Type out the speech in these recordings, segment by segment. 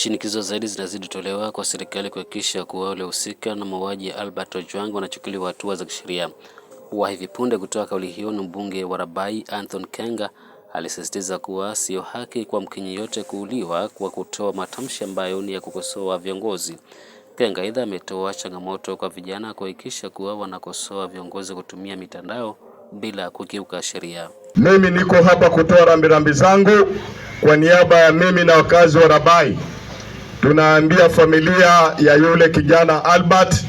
Shinikizo zaidi zinazidi tolewa kwa serikali kuhakikisha kuwa waliohusika na mauaji ya Albert Ojwang wanachukuliwa hatua za kisheria. Wa hivi punde kutoa kauli hiyo na mbunge wa Rabai Anthony Kenga alisisitiza kuwa sio haki kwa Mkenya yote kuuliwa kwa kutoa matamshi ambayo ni ya kukosoa viongozi. Kenga aidha ametoa changamoto kwa vijana kuhakikisha kuwa wanakosoa viongozi kutumia mitandao bila kukiuka sheria. Mimi niko hapa kutoa rambirambi zangu kwa niaba ya mimi na wakazi wa Rabai tunaambia familia ya yule kijana Albert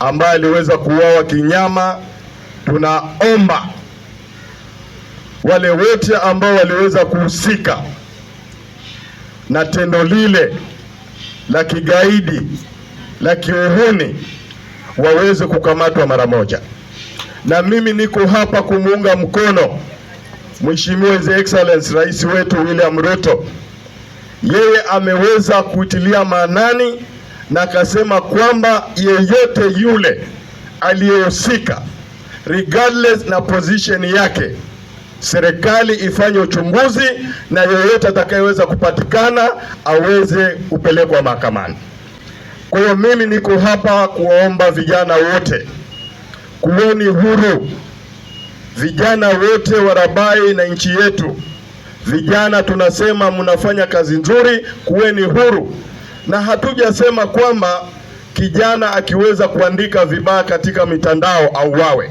ambaye aliweza kuuawa kinyama, tunaomba wale wote ambao waliweza kuhusika na tendo lile la kigaidi la kiuhuni waweze kukamatwa mara moja, na mimi niko hapa kumuunga mkono Mheshimiwa His Excellency Rais wetu William Ruto yeye ameweza kuitilia maanani na akasema kwamba yeyote yule aliyehusika regardless na position yake, serikali ifanye uchunguzi na yeyote atakayeweza kupatikana aweze kupelekwa mahakamani. Kwa hiyo mimi niko hapa kuwaomba vijana wote, kuweni huru, vijana wote wa Rabai na nchi yetu. Vijana tunasema mnafanya kazi nzuri, kuweni huru, na hatujasema kwamba kijana akiweza kuandika vibaya katika mitandao au wawe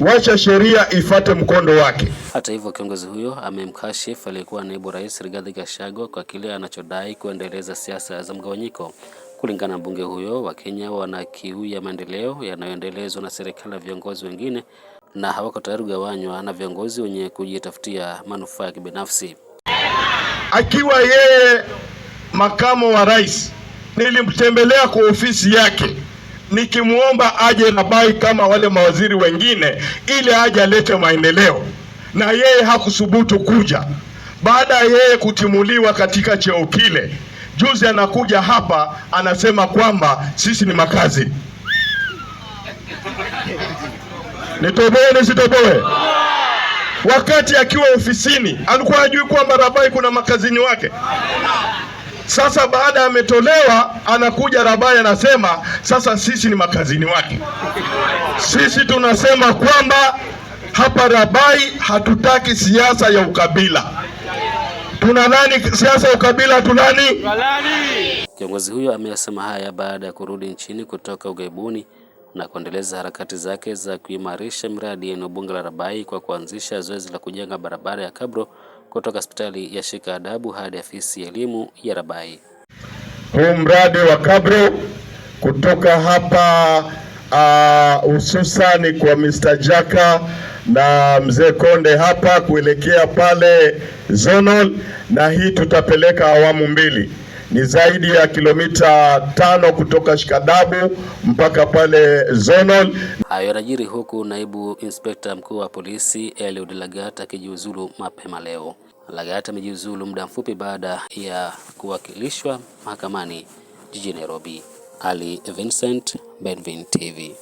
wacha sheria ifate mkondo wake. Hata hivyo, kiongozi huyo amemkashifu aliyekuwa naibu rais Rigathi Gachagua kwa kile anachodai kuendeleza siasa za mgawanyiko. Kulingana na mbunge huyo, Wakenya kiu ya maendeleo yanayoendelezwa na serikali na viongozi wengine na hawako tayari kugawanywa na viongozi wenye kujitafutia manufaa ya kibinafsi. Akiwa yeye makamo wa rais, nilimtembelea kwa ofisi yake nikimwomba aje na bai kama wale mawaziri wengine, ili aje alete maendeleo, na yeye hakusubutu kuja. Baada ya yeye kutimuliwa katika cheo kile, juzi anakuja hapa anasema kwamba sisi ni makazi Nitoboe nisitoboe? Wakati akiwa ofisini alikuwa hajui kwamba Rabai kuna makazini wake? Sasa baada ametolewa, anakuja Rabai anasema sasa sisi ni makazini wake. Sisi tunasema kwamba hapa Rabai hatutaki siasa ya ukabila. Tuna nani siasa ya ukabila tunani? Kiongozi huyo ameyasema haya baada ya kurudi nchini kutoka ughaibuni na kuendeleza harakati zake za kuimarisha mradi eneo bunge la Rabai kwa kuanzisha zoezi la kujenga barabara ya kabro kutoka hospitali ya Shika Adabu hadi afisi ya elimu ya Rabai. Huu mradi wa kabro kutoka hapa ah, hususani uh, kwa Mr. Jaka na mzee Konde hapa kuelekea pale zonal, na hii tutapeleka awamu mbili ni zaidi ya kilomita tano kutoka Shikadabu mpaka pale zonol Hayo yanajiri huku naibu inspekta mkuu wa polisi Eliud Lagat akijiuzulu mapema leo. Lagat amejiuzulu muda mfupi baada ya kuwakilishwa mahakamani jijini Nairobi. Ali Vincent, Benvin TV.